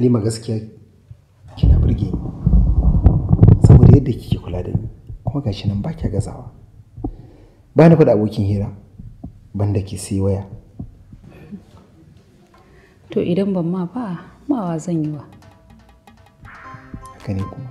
Halima gaskiya kina burge ni saboda yadda kike kula da ni kuma gashi nan ba kya gazawa. Ba ni da abokin hira banda ke sai waya. To idan ban ma ba, mawa zan yi wa. Haka kuma.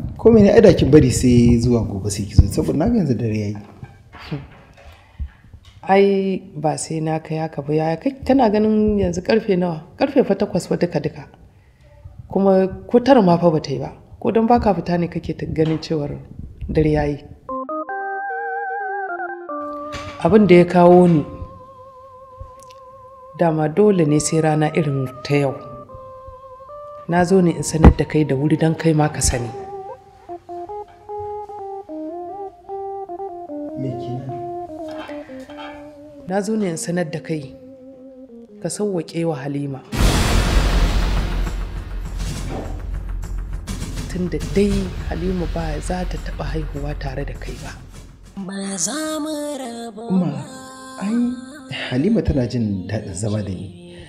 ko mene ai da bari sai zuwa gobe sai ki zo saboda na ga yanzu dare yayi ai ba sai na kai haka ba ya kai kana ganin yanzu karfe nawa karfe fa takwas ba duka duka kuma ko tara ma fa ba ta yi ba ko don baka fita ne kake ta ganin cewar dare yayi abin da ya kawo ni dama dole ne sai rana irin ta yau na zo ne in sanar da kai da wuri don kai ma ka sani na zo ne in sanar da kai ka sauwaƙe wa halima tun da dai halima ba za ta taɓa haihuwa tare da kai ba kuma ai halima tana jin daɗin zama da ni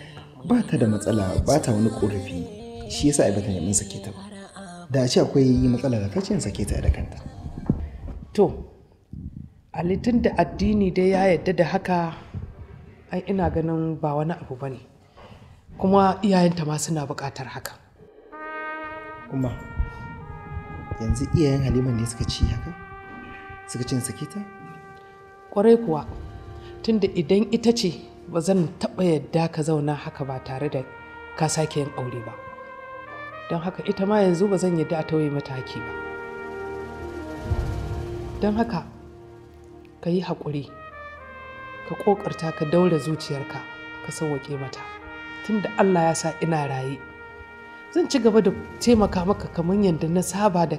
ba ta da matsala ba ta wani ƙorafi shi yasa ba ta neman sake ta ba da ce akwai matsala da ta ce sake ta da kanta to halittun da addini dai ya yadda da haka ai ina ganin ba wani abu ba ne kuma iyayenta ma suna buƙatar haka kuma yanzu iyayen halima ne suka ci haka suka ce sake ta ƙwarai kuwa tunda idan ita ce ba zan taɓa yadda ka zauna haka ba tare da ka sake yin aure ba don haka ita ma yanzu ba zan yadda a tauye mata haki ba don haka ka yi haƙuri ka ƙoƙarta ka daura zuciyarka ka sauwaƙe mata tunda Allah ya sa ina raye zan ci gaba da taimaka maka kamar yadda na saba da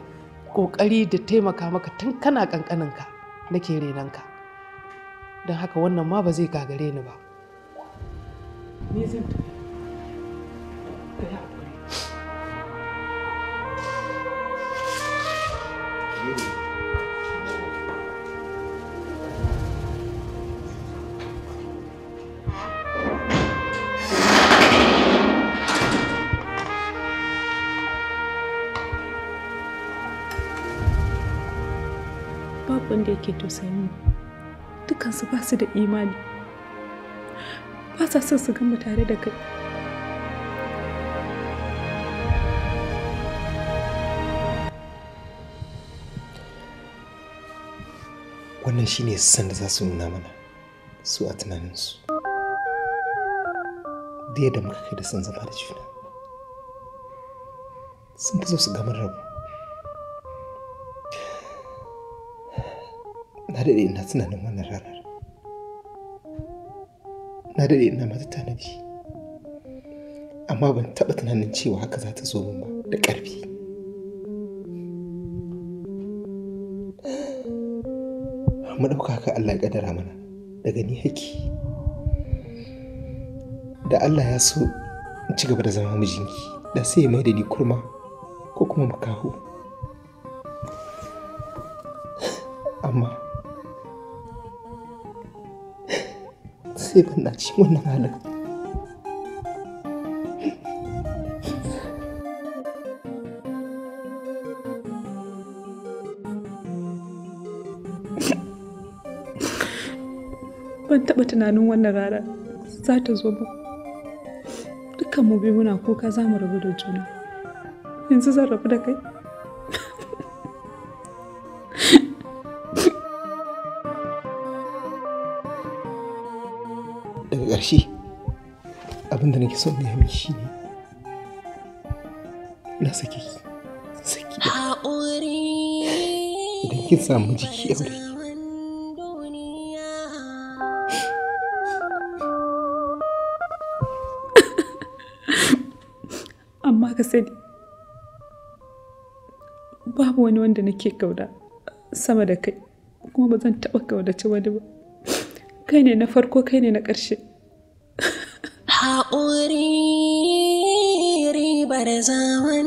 ƙoƙari da taimaka maka tun kana ƙanƙaninka nake renanka don haka wannan ma ba zai gagare ni ba ni zan tafi wanda yake tausayin dukansu ba su da imani ba sa son su gama tare da kai wannan shine san da za su nuna mana su a tunaninsu da yadda muka kai da san zama da juna sun fi so su gama rabu na daɗe ina nan wannan ranar na daɗe ina mata tanadi amma ban taɓa tunanin cewa haka za ta zo min ba da ƙarfi mu ɗauka haka Allah ya ƙaddara mana daga ni haki da Allah ya so in ci gaba da zama mijinki da sai ya mai da ni kurma ko kuma makaho sai ban cikin wannan halin ban taɓa tunanin wannan rana za ta zo ba dukkan mu biyu muna kuka za mu rabu da juna yanzu zan rabu da kai ƙarshe abin da nake son ya gaya miki shine na sake ki saki idan kin samu jiki aure amma ka sani babu wani wanda nake kauda sama da kai kuma ba zan taɓa kaudace wani ba kai ne na farko kai ne na ƙarshe ƙuri ribar zama.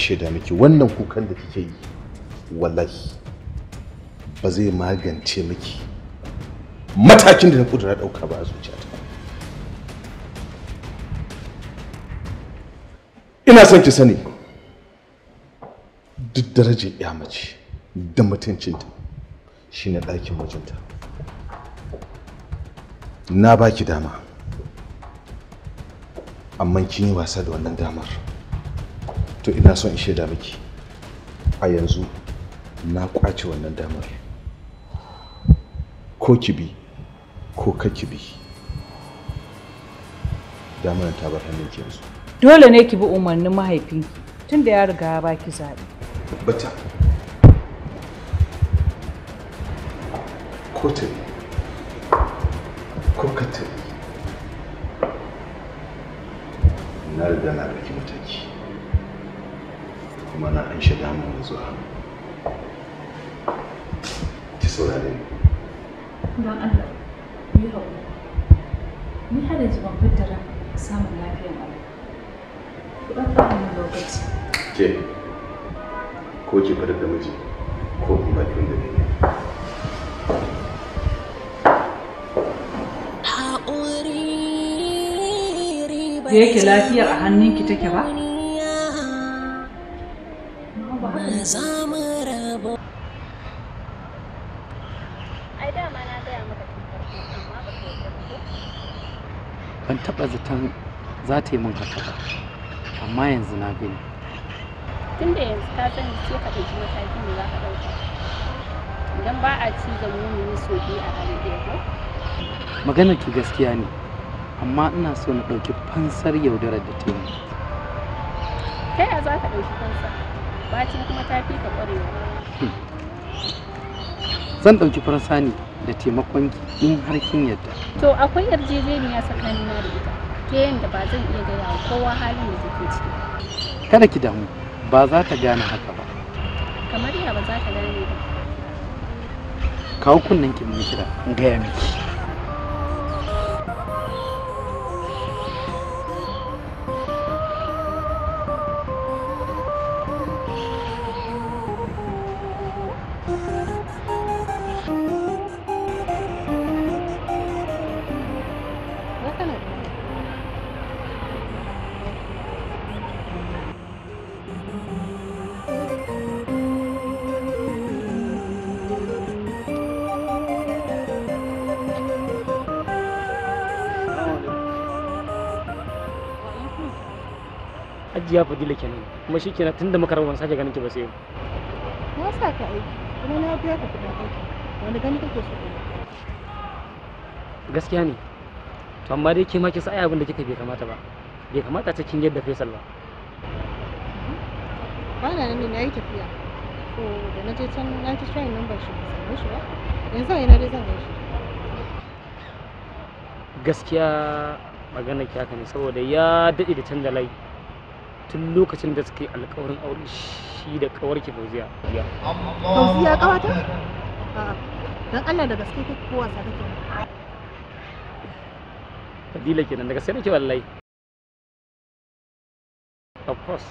shaida miki wannan kukan da kike yi wallahi ba zai magance miki matakin da na kudura dauka ba a zuciyata ina son ki sani duk darajar ya mace da mutuncinta shine ɗakin mijinta na baki dama amma kin yi wasa da wannan damar to ina son in shaida miki a yanzu na kwace wannan damar ko ki bi ko ki bi damar ta bar hannun ki yanzu dole ne ki bi umarnin mahaifinki tunda ya riga ya baki zaɓe bata ko ta ko ka ta na riga na take ba ban taɓa zaton za ta yi min haka ba amma yanzu na gani tun da yanzu ka sani sai ka ɗauki matakin da za ka ɗauka idan ba a ci da mumuni so biyu a hali ɗaya ko maganar ki gaskiya ne amma ina so na ɗauki fansar yaudarar da ta yi yaya za ka ɗauki fansa kuma ta fi ka ƙwarewa zan ɗauki fansa ne da taimakon ki in har kin yadda to akwai yarjejeniya tsakanina da ita ta yadda ba zan iya gaya wa kowa halin da take ciki kada ki damu ba za ta gane haka ba kamar ya ba za ta gane ba kawo kunnen ki mun kira in gaya miki hajiya fadila kenan kuma shi kenan tunda muka rabu ban sake ganin ki ba sai yau na sa ka aiki kuma na biya ka kuɗin aiki wani gani kake so gaskiya ne to amma dai ke ma ki sa abin da kika bai kamata ba bai kamata ta kin yadda Faisal ba ba na nan na yi tafiya ko da na je can na ta shayin nan ba shi ba shi ba yanzu ina dai zan shi gaskiya magana ki haka ne saboda ya daɗe da canza layi tun lokacin da suka yi alkawarin aure shi da kawarki fauziya fauziya kawata dan Allah da gaske kake kowa sa kake fadila kenan daga sai nake wallahi of course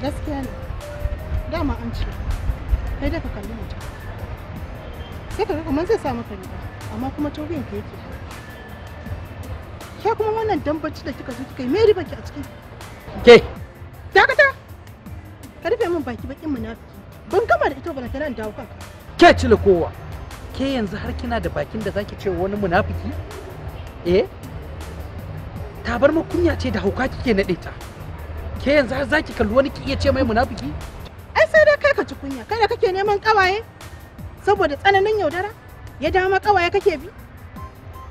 gaskiya ne dama an ce kai da ka kalli mutum sai ka ga kamar zai sa maka riba amma kuma taurin ka yake ke kuma wannan dambaci da kika zo kika yi meri riba ki a ciki ke dakata ka rufe min baki bakin munafiki ban gama da ita ba na tana dawo kanka ke cile kowa ke yanzu har kina da bakin da zaki ce wani munafiki eh tabar kunya ce da hauka kike naɗe ta ke yanzu har zaki kalli wani ki iya ce mai munafiki ai sai dai kai ka ci kunya kai da kake neman kawaye saboda tsananin yaudara ya dama kawaye kake bi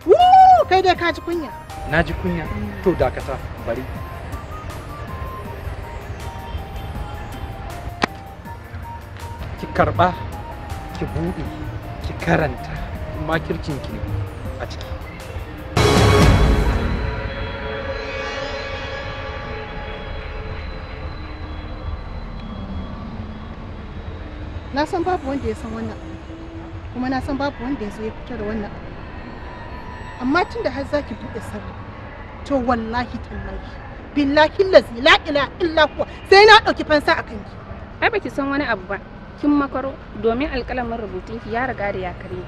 wuu kai dai ka ji kunya na ji kunya to dakata bari ki karba ki buɗe ki karanta kirkin ki ne a ciki na san babu wanda ya san wannan kuma na san babu wanda ya zo ya fito da wannan amma tun da har zaki buɗe sarri to wallahi tallahi billahi lazi la ila illa kuwa sai na ɗauki fansa a kanki ai baki san wani abu ba kin makaro domin alƙalamin ki ya riga da ya karye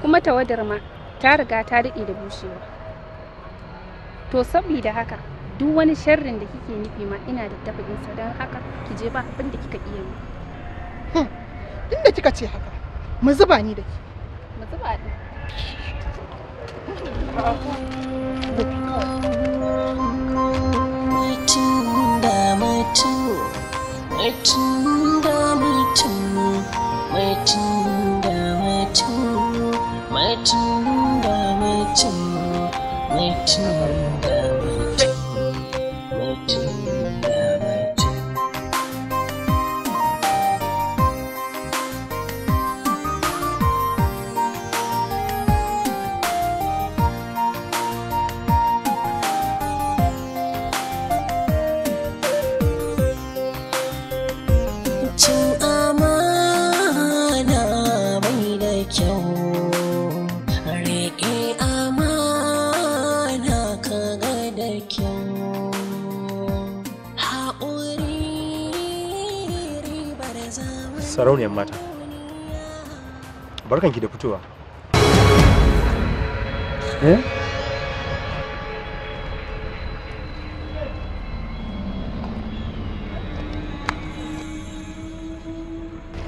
kuma tawadar ma ta riga ta daɗe da bushewa to saboda haka duk wani sharrin da kike nufi ma ina da tabbacin don haka ki je ba abin da kika iya yi Inda kika ce haka. Mu zuba ni da ki. Mu zuba ni. Matunda da mutum, mutum da mutum, mutum da mutum, mutum ki da fitowa eh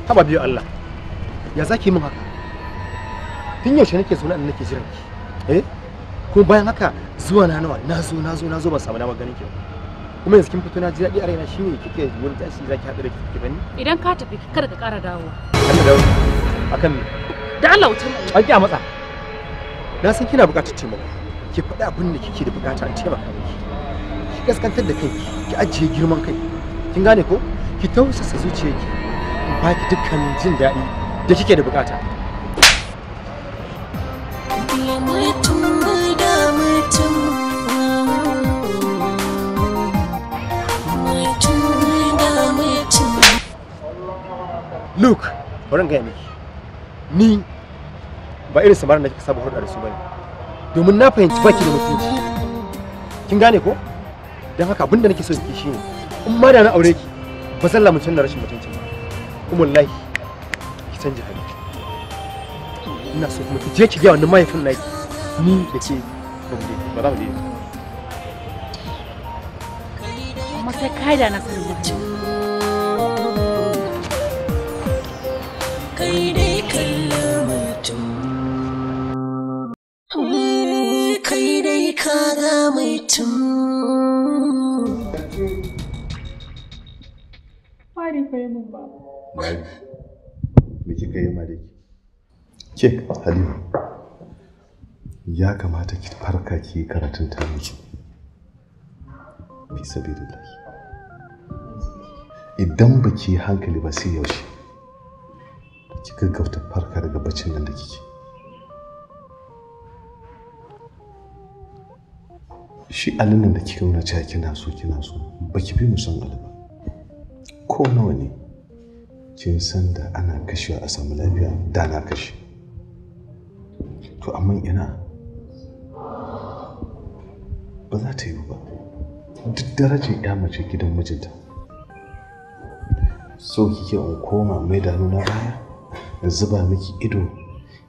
haba biyu Allah ya zaki min haka tun yaushe nake zaune nan nake jiran ki eh ko bayan haka zuwa na nawa na zo na zo na zo ba samu dama ganin ki kuma yanzu kin fito na ji daɗi a raina shine kike wani tashi zaki haɗu da ki bani idan ka tafi kar ka ƙara dawowa Allah dawo akan me da Allah wutar an ki a matsa na san kina buƙatar taimako ki faɗi abin da kike da buƙata an taimaka miki ki gaskantar da kanki ki ajiye girman kai kin gane ko ki tausasa zuciyarki ba ki dukkan jin daɗi da kike da buƙata Luke, bari in gaya miki. ni ba irin samarin da kika saba hulɗa da su bane domin na fahimci baki da mutunci kin gane ko dan haka abinda nake so ki shine in ma da na aure ki ba zan lamunce na rashin mutunci ba kuma wallahi ki canja hali ina so kuma ki je ki ga wannan mahaifin naki ni da ke ba ba za mu je amma sai kai da na sani kaga mai tun. Ya kamata ki farka ki karatun ta miki. Fi sabilillah. Idan ba ki hankali ba sai yaushe. Ki gaggauta farka daga baccin nan da kike. shi alin nan da kika nuna cewa kina so kina so baki fi mu san alba ko nawa ne kin san da ana kashewa a samu lafiya da na kashe to amma ina ba za ta yi ba duk darajar ya mace gidan mijinta so kike in koma mai da nuna baya in zuba miki ido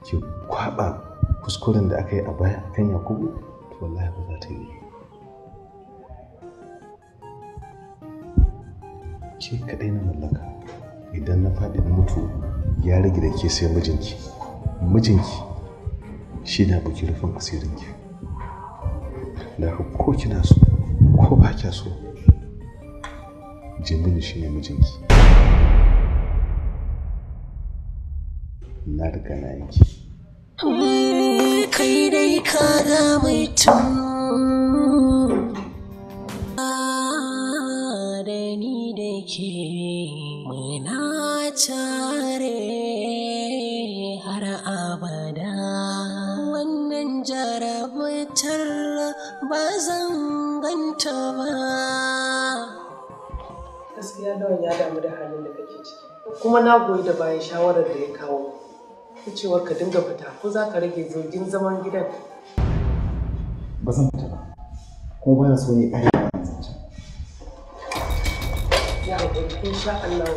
ki kwaba kuskuren da aka yi a baya kan yakubu to wallahi ba za ta yi ke kaɗai na mallaka idan na faɗi na mutu ya rage da ke sai mijinki mijinki shi na buki rufin asirinki da ko kina so ko ba kya so jimini shi ne mijinki na riga na yanki kai dai ka ga mai tun kyauta ba gaskiya lawan ya damu da halin da kake ciki kuma na goyi da bayan shawarar da ya kawo cewar ka dinga fita ko za ka rage zargin zaman gidan ba zan fita ba kuma ba na so ne ƙare ba zancen ya haƙuri in sha Allah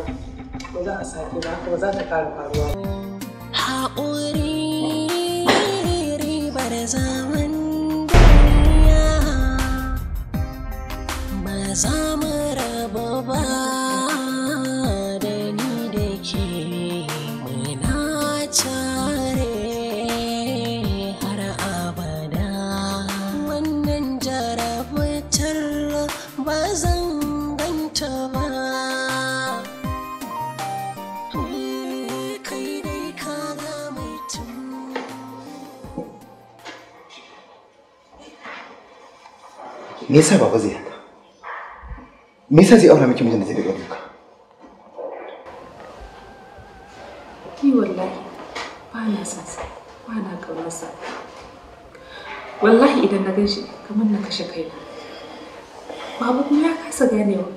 ba za a sake ba ba za ta ƙara faruwa haƙuri ribar zaman ba za da ni da ke muna tare har abada wannan jarabtar ba zan ganta ba Me yasa baba zai me yasa zai aura miki mijin da zai daga duka ni wallahi ba na san sa ba na kaunar sa wallahi idan na gan shi kamar na kashe kaina babu kuma ya kasa ganewa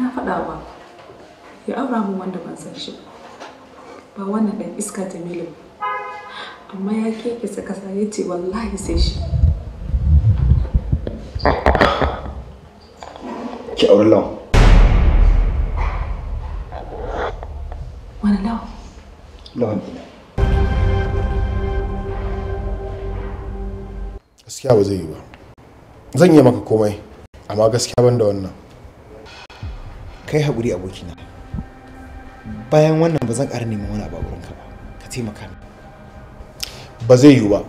na faɗa ba ya aura min wanda ban san shi ba wannan ɗan iska jamilu amma ya keke kasa ya ce wallahi sai shi ki aure lawan wani lawan lawan ina gaskiya ba zai yi ba zan yi maka komai amma gaskiya ban da wannan kai haƙuri abokina bayan wannan ba zan ƙara neman wani abu a wurinka ba ka taimaka ba zai yiwu ba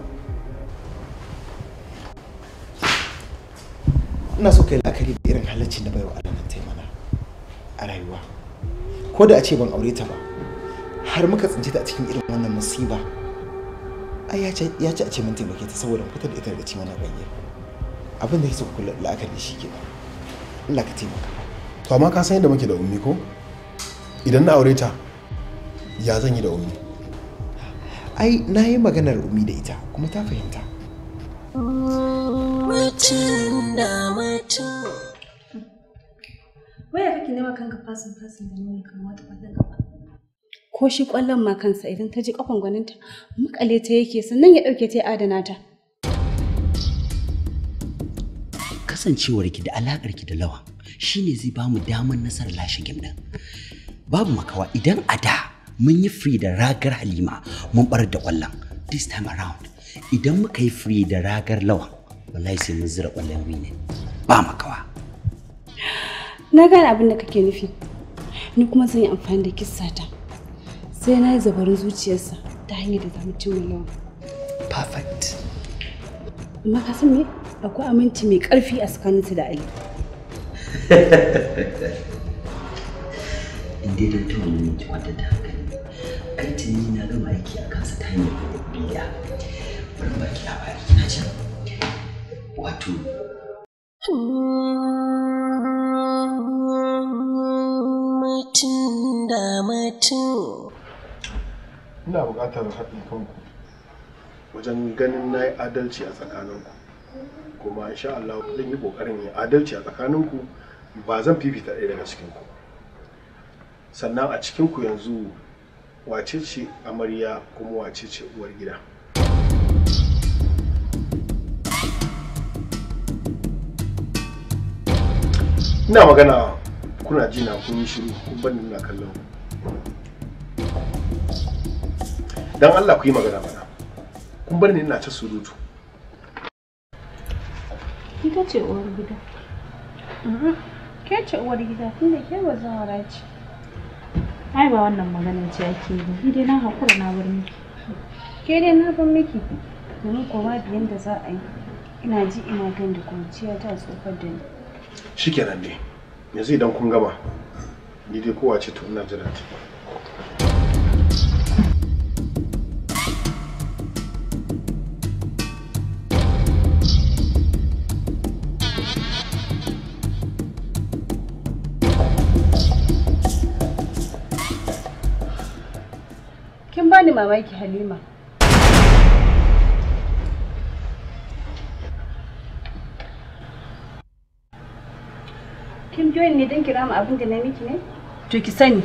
ina so kai la'akari da irin halaccin da baiwa Allah ta yi mana a rayuwa ko da a ce ban aure ta ba har muka tsinci ta a cikin irin wannan musiba ai ya ce a ce mun taimake ta saboda fitar da ita daga cikin wannan ganye abin da yake kula la'akari shi ke Allah ka taimaka to amma ka san yadda muke da ummi ko idan na aure ta ya zan yi da ummi ai na yi maganar ummi da ita kuma ta fahimta mutum da mutum. Waya kake nema kanka fasin fasin da nuna kamar wata kwallon kafa. Ko shi kwallon ma kansa idan ta ji kafan gwaninta makale ta yake sannan ya ɗauke ta ya adana ta. Kasancewar ki da ki da lawa shine zai bamu damar nasarar lashe gimnan. ɗin. Babu makawa idan a da mun yi free da ragar Halima mun ɓarar da kwallon this time around idan muka yi free da ragar lawan wallahi sai mun zira kwallon biyu ne ba makawa na gane abin da kake nufi ni kuma zan yi amfani da ta sai na yi zabarin zuciyarsa ta hanyar da zamu mu miliyan perfect amma ka san me akwai aminci mai ƙarfi a su da ali in dai don tawo ne ki kwanta haka ne kai tuni na gama aiki a kansa ta hanyar biya bari ba ki labari na can wato mutum ina buƙatar haɗin kanku wajen ganin na yi adalci a tsakaninku kuma sha Allah zan yi ƙoƙarin yi adalci a tsakaninku ba zan fifita ɗaya daga cikinku sannan a cikinku yanzu wacece amarya kuma wacece uwar gida ina magana kuna ji na kun yi shiru kun ban nuna kallon dan Allah ku yi magana mana kun bar ni ina ta surutu ita ce uwar gida mhm. ke ce uwar gida tunda ke ba zawara ce ai ba wannan magana ce ake yi ni dai na hakura na bar miki ke dai na bar miki domin ko biyan da za a yi ina ji ina gani da kwanciya ta tsofar da ni shikenan ne yanzu idan kun gama ni dai kowa ce to ina jira ta kin bani mamaki halima kin biyo ne don kira mu abin da na miki ne to ki sani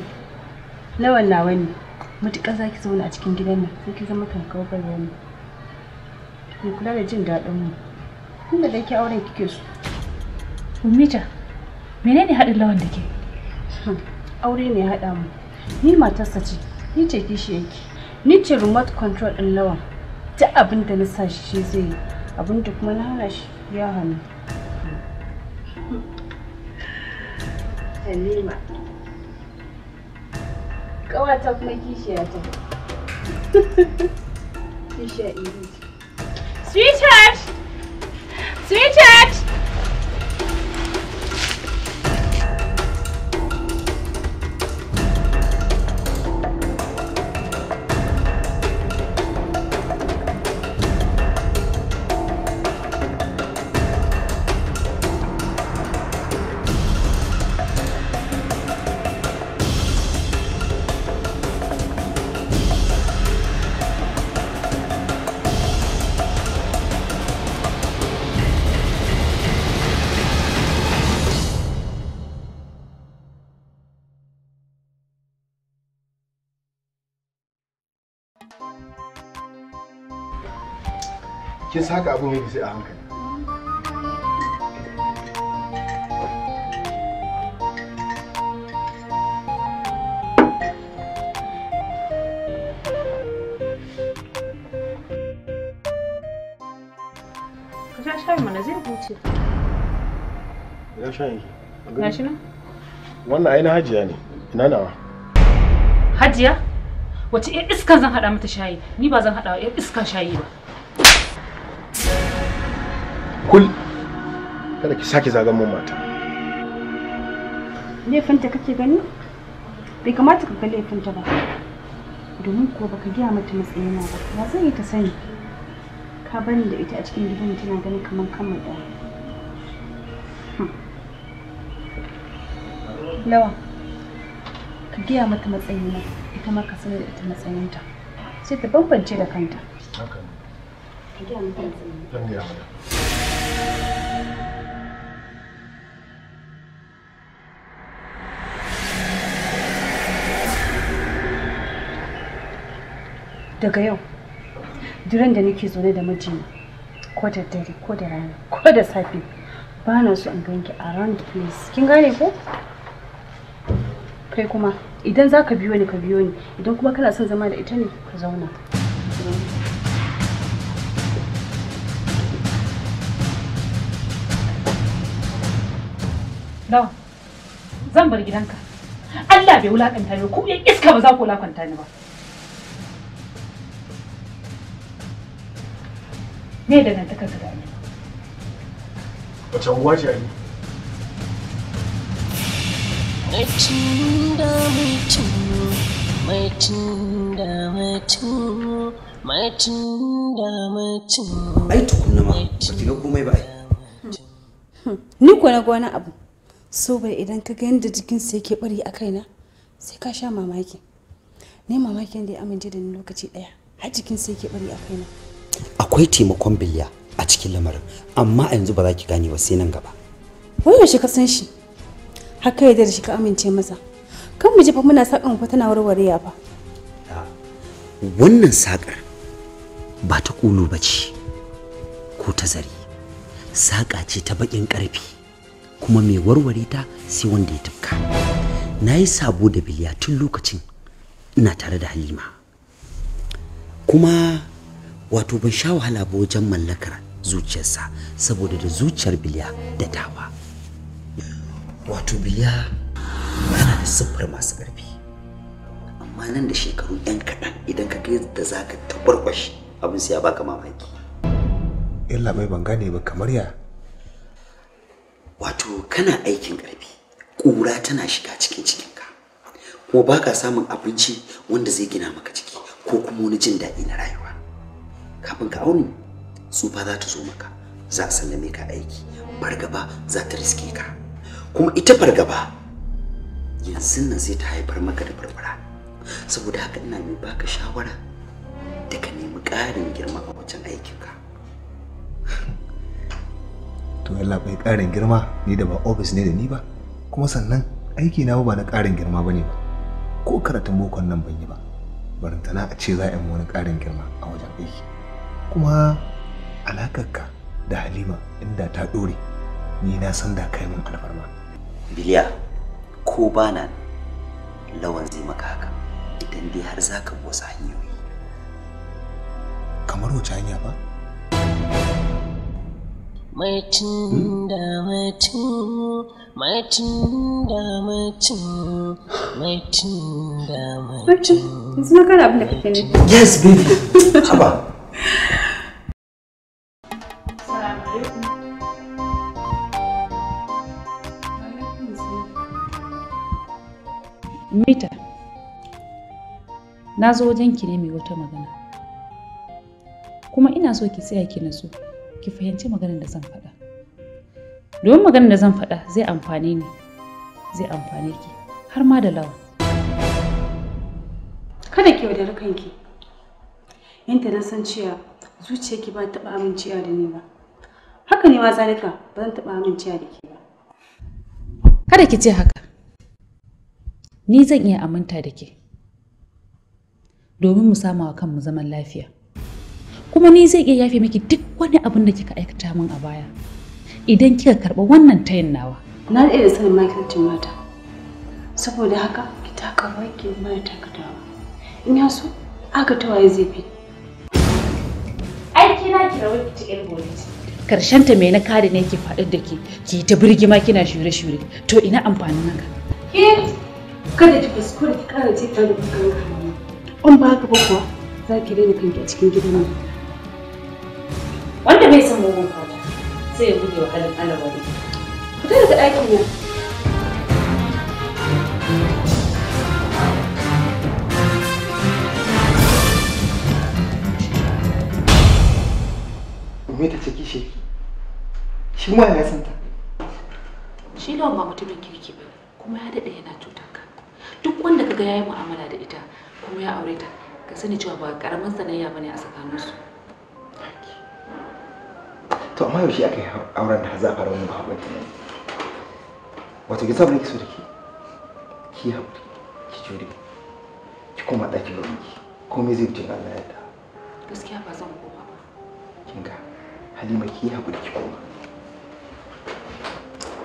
nawa nawa ne mutuka za ki zauna a cikin gidan nan sai ki zama kankar barwa ne ki kula da jin daɗin mu kun da ke auren kike so Umita, menene haɗin lawan da ke? Hmm, aure ne ya haɗa mu. Ni matarsa ce, ni ce kishi yake. Ni ce remote control ɗin lawan. Duk abin da na sa shi zai yi, abin da kuma na hana shi ya hannu. Halima. my kuma kishiya ta. Kishiya Sweetheart! Sweetheart! kin saka abun yake sai a hankali Ina shan yake. shi nan? Wannan hajiya ne. Ina nawa? Hajiya? iska zan haɗa mata shayi? Ni ba zan haɗa wa iska shayi ba. kul kada ki sake zagan mun mata laifinta kake gani bai kamata ka ga laifinta ba domin kuwa baka gaya mata matsayina ba ya zan yi ta sani ka bani da ita a cikin gidan tana ganin kamar kan mu ɗaya hmm. lawa ka gaya mata matsayina ita ma ka sanar da ita matsayinta sai ta bambance da kanta Thank you. Thank you. daga yau duran da nake zaune da miji ko da dare ko da rana ko da safe ba na so in ganki around the place kin gane ko kai kuma idan za ka biyo ni ka biyo ni idan kuma kana son zama da ita ne ka zauna Lawa, zan bar gidanka. Allah bai wulakanta ni ku yan iska ba za ku wulakanta ni ba. Me dangantakar ka da Aminu? Wace uwa ce Aminu? Matinda da matinda matinda matinda matinda Ai tukunna ma, ba ki ga komai ba ai. Ni ko na gwana abu. so bai idan ka ga yadda jikinsa yake bari a kaina sai ka sha mamaki ne mamakin da ya amince da ni lokaci daya har jikinsa yake bari a kaina akwai taimakon bilya a cikin lamarin amma a yanzu ba za ki gane ba sai nan gaba wai yaushe ka san shi har ka yarda da shi ka amince masa kan mu fa muna sakan ku tana warware ya fa ah, wannan saƙar ba ta kulu ba ce ko ta zari saƙa ce ta baƙin ƙarfi kuma mai warware ta sai wanda ya tafka na yi sabo da biliya tun lokacin ina tare da halima kuma wato ban sha wahala ba wajen mallakar zuciyarsa saboda da zuciyar biliya da dawa wato biliya tana da siffar masu ƙarfi amma nan da shekaru 'yan kaɗan idan ka kai da za ka tabarkwashi abin sai ya baka mamaki. Illa mai ban gane ba kamar ya wato kana aikin ƙarfi ƙura tana shiga cikin cikinka kuma ba ka samun abinci wanda zai gina maka ciki ko kuma wani jin daɗi na rayuwa kafin ka auni tsufa za ta zo maka za a sallame ka aiki fargaba za ta riske ka kuma ita fargaba yanzu nan zai ta haifar maka da barbara saboda haka ina mai baka shawara da ka nemi ƙarin girma a wajen aikinka to yallaɓai bai ƙarin girma ni da ba ofis ne da ni ba kuma sannan aiki na ba na ƙarin girma bane ba ko karatun bokon nan ban yi ba barantana a ce za a yi wani ƙarin girma a wajen aiki kuma ka da halima inda ta ɗore ni na san da kai mun alfarma biliya ko ba na lawan zai maka haka idan dai har za ka wasu hanyoyi kamar wace hanya ba Matinda matin Matinda matin Matinda matin Yanzu na gane abin da kake ne. Yes baby. Haba. Mita, na zo wajen ki ne mai wata magana, kuma ina so ki tsaya ki na so. ki fahimci maganar da zan faɗa domin maganar da zan faɗa zai amfane ni zai amfane ki har ma da lawa kada ki yaudari kanki yanta na san cewa zuciyarki ba taɓa amincewa da ni ba haka ne ma zalika ba zan taɓa amincewa da ke ba kada ki ce haka ni zan iya aminta da ke domin mu samawa kanmu zaman lafiya kuma ni zai iya yafe miki duk wani abin da kika aikata min a baya idan kika karɓa wannan tayin nawa na da da sanin makircin mata saboda haka ki taka baki mai takatawa in ya so aka tawaye zai fi aiki na ki rawar ki cikin boliti karshen ta me na kare ne ke faɗi da ke ki ta birgima kina shure-shure to ina amfanin haka ke kada ki kuskure ki kara ce ta da kuka ba ka ba kuwa za ki daina kanki a cikin gidan nan wanda bai san mugun fata sai ya guje wa halin alawari fita daga ɗakin nan Me ta ciki shi? Shi ma ya santa Shi lawan ba mutumin kirki ba kuma ya daɗe yana cutar ka. Duk wanda kaga yayi mu'amala da ita kuma ya aure ta ka sani cewa ba karamin sanayya bane a tsakaninsu. su. to amma yaushe aka yi auren da za a fara wani babban tunani wato ki ne ki so da ke ki haƙuri ki jure ki koma ɗaki ba ki komai zai fito Allah ya yarda gaskiya ba zan koma ba kin ga Halima ki haƙuri ki koma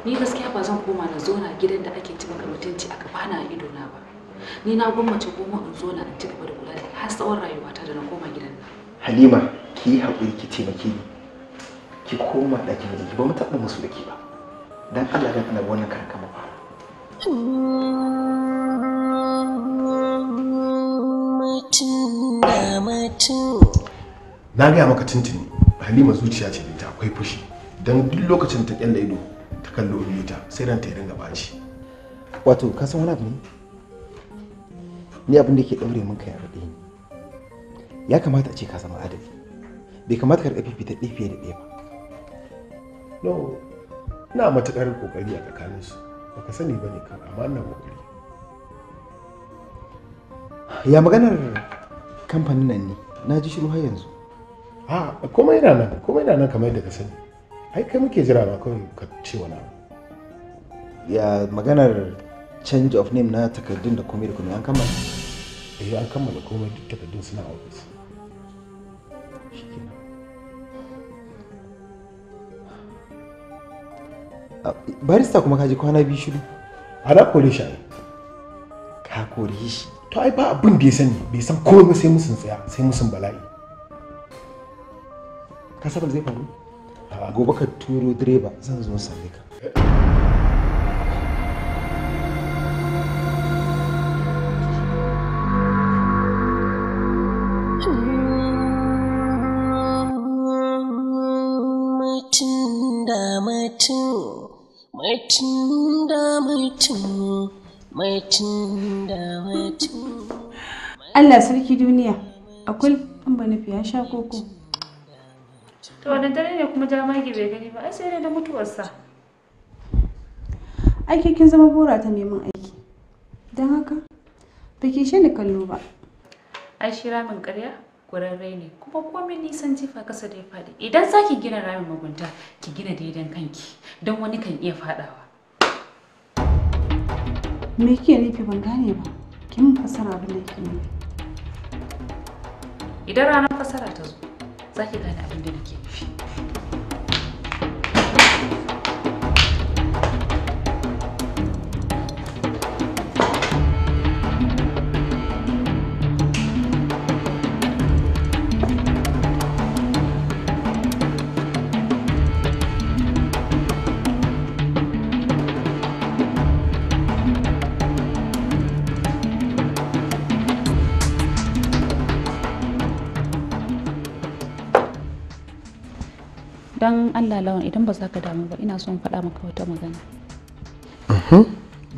ni gaskiya ba zan koma na zo na gidan da ake ci maka mutunci aka bana ido na ba ni na gwammace goma in zo na in ci gaba da kula da har tsawon rayuwata da na koma gidan nan Halima ki haƙuri ki taimake ni ki koma ɗakin mijinki ba mu taɓa musu da ki ba dan Allah dan Allah wannan karka mu fara na gaya maka tuntuni halima zuciya ce da ta akwai fushi don duk lokacin ta kyalla ido ta kallo ta sai ta yi ringa baci wato ka san wani abu ne ni abin da ke daure min kai a rade ni ya kamata a ce ka zama adali bai kamata ka rika fifita ɗaya fiye da ɗaya ba no ina matuƙar ƙoƙari a tsakanin su baka sani bane kan amma ina ƙoƙari ya maganar kamfanin nan ne na ji shiru har yanzu a komai yana nan komai yana nan kamar yadda ka sani ai kai muke jira ba kawai ka ce wani abu ya maganar change of name na takardun da komai da komai an kammala eh an kammala komai duk takardun suna office shikenan barista kuma kaji kwana biyu shiru a da kore shi ka kore shi to ai ba abin da ya sani bai san komai sai musun tsaya sai musun bala'i ka saba zai faru gobe ka turo direba zan zo same ka mutum da mai tunda mai tun mai tunda mai tun Allah sarki duniya akul an ba nufi sha koko to da dare ne kuma jamage bai gani ba ai sai da mutuwarsa aiki kin zama bora ta neman aiki don haka ba ki shi ni kallo ba ai shira min ƙarya Kurarrai ne kuma komai nisan jifa kasa da ya faɗi idan za gina ramin magunta ki gina daidan kanki don wani kan iya faɗawa. me kike nufi ban gane ba kin fasara abin da yake nufi idan ranar fasara ta zo za gane abin da nake nufi Allah lawan idan ba za ka damu ba ina son faɗa maka wata magana mhm.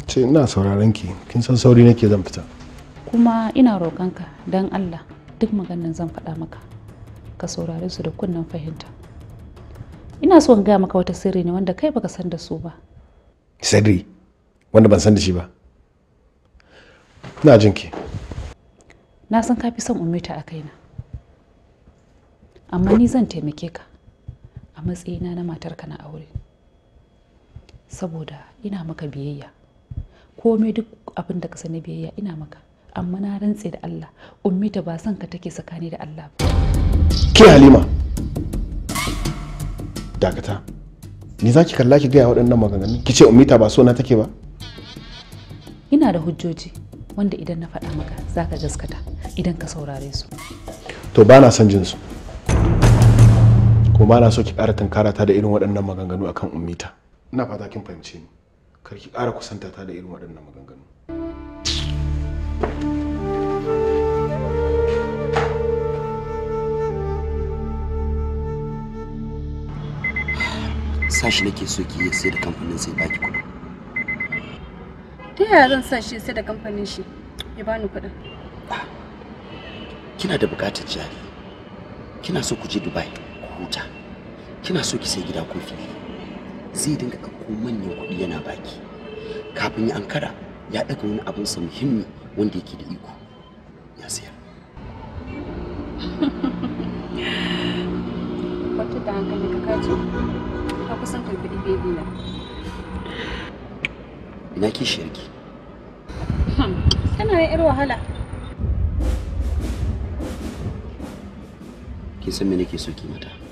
ce ina sauraron ki kin san sauri nake zan fita kuma ina roƙonka dan Allah duk maganan zan faɗa maka ka saurare su da kunnen fahimta ina son gaya maka wata sirri ne wanda kai baka san da su ba sirri wanda ban san da shi ba na jin ki na san ka fi son umita a kaina amma ni zan taimake ka matsayina na matarka na aure saboda ina maka biyayya komai duk abin da ka sani biyayya ina maka amma na rantse da Allah ummi ta ba san ka take sakani da Allah ba. ke halima dakata ni zaki kalla ki gaya waɗannan maganganun ki ce ta ba so na take ba ina da hujjoji wanda idan na faɗa maka zaka gaskata idan ka saurare su to ba na son jin su kuma ba na so ki ƙara tunkara ta da irin waɗannan maganganu akan ummita ina fata kin fahimce ni kar ki ƙara kusanta ta da irin waɗannan maganganu sashi nake so ki sai da kamfanin sai baki kuɗi ta yaya zan sa shi sai da kamfanin shi ya bani kuɗin kina da buƙatar jari kina so ku je dubai huta kina so ki sai gida ko fili zai dinga ɗauko manyan kuɗi yana baki kafin ya ankara ya ɗaga wani sa muhimmi wanda yake da iko ya sayar wata da hankali ka kaji ka kusan karbiɗi bebi na ina ki shirki hmm. tana da 'yar wahala kin san me nake so ki mata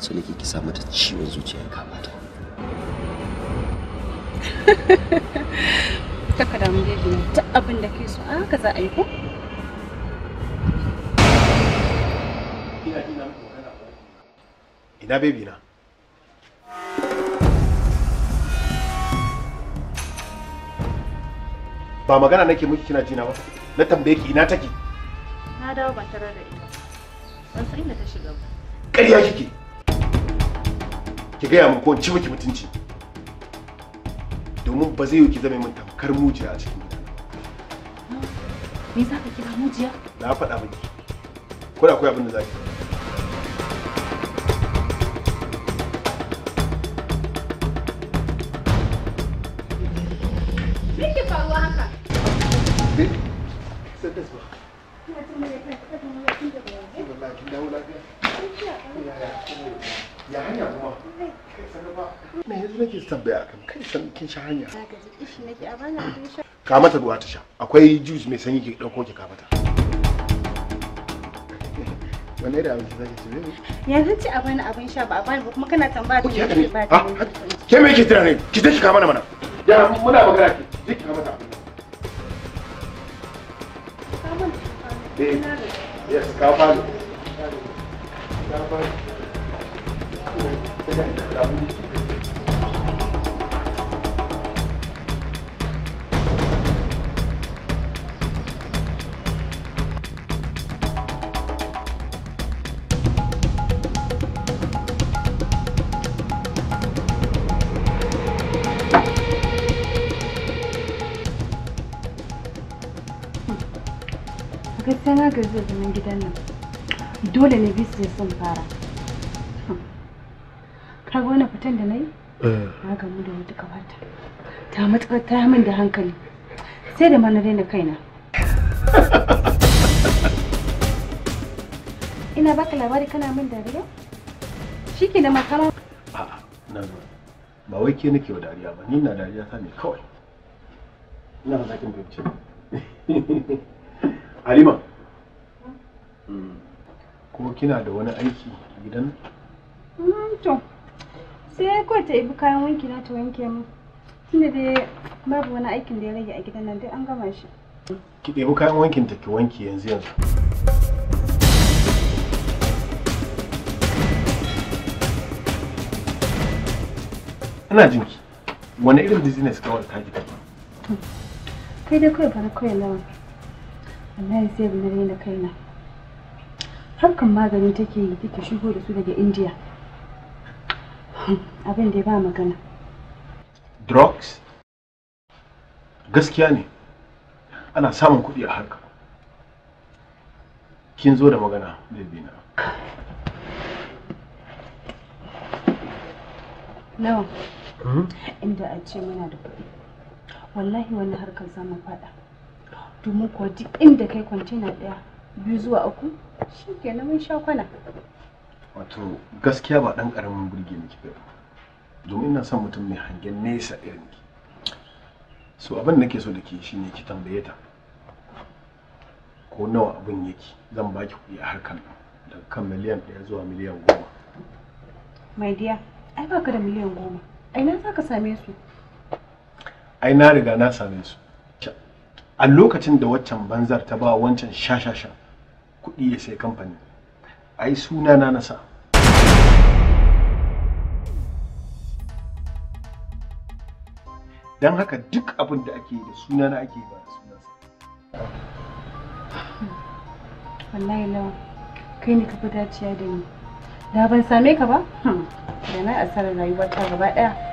su nake ki sa mata ciwon zuciya ya kama ta kaka da mu jeji duk abin da ke so haka za a yi ko ina baby na ba magana nake miki kina jina ba na tambaye ki ina take na dawo ba tare da ita ban san inda ta shiga ba ƙarya kike ki gaya mu ko ci miki mutunci domin ba zai yi ki zama mun tamkar mujiya a cikin gidana me za ka kira mujiya na faɗa miki ko da koyi abin da za ki ki tambaya kan kai san kin sha hanya ka mata ruwa ta sha akwai juice mai sanyi ki dauko ki ka mata wanne da zaki ci yanzu ci a bani abin sha ba a ba kuma kana tambaya ta ah, ne ba ke me ki tunani ki ta ka mana mana ya muna magana ki ki ka mata ga zuwa zaman gidan nan dole ne bisu sun fara kaga wani fitan da na yi eh. na gamu da wata kawata ta matuƙar ta min da hankali sai da mana daina kaina ina baka labari kana min dariya shi ke da makama a'a na zo ba wai ke nake wa dariya ba ni na dariya ta ne kawai ina ba zakin fahimci halima ko kina da wani aiki a gidan mm, to sai ko ta ibi kayan wanki na ta wanke mu tunda dai babu wani aikin da ya rage a gidan nan dai an gama shi ki ɗebi kayan wankin ta ki wanki yanzu yanzu ina jin ki wani irin business ka ta ki gaba kai dai kawai fara kawai nawa wallahi sai na raina kaina harkan magani take yi take shigo da su daga india abin da ba magana drugs gaskiya ne ana samun kuɗi a harka kin zo da magana na. nawa hmm? inda a ce muna da kuɗi wallahi wani harkar zamu faɗa domin kuwa duk inda kai kwantena ɗaya biyu zuwa uku shi ke nan sha kwana wato gaskiya ba ɗan ƙaramin burge miki ba domin ina son mutum mai hangen nesa irin ki so abin da nake so da ke shi ne ki tambaye ta ko nawa abin yake zan baki kuɗi a harkar nan daga kan miliyan ɗaya zuwa miliyan goma mai diya ai ka da miliyan goma ai na za ka same su ai na riga na same su a lokacin da waccan banzar ta ba wancan shashashan. kuɗi ya sai kamfani yi suna na nasa don haka duk abin ake da suna na ake ba sunansa wallahi lawan kai ne ka fi da ni da ban same ka ba hmm, da na asarar rayuwar ta gaba ɗaya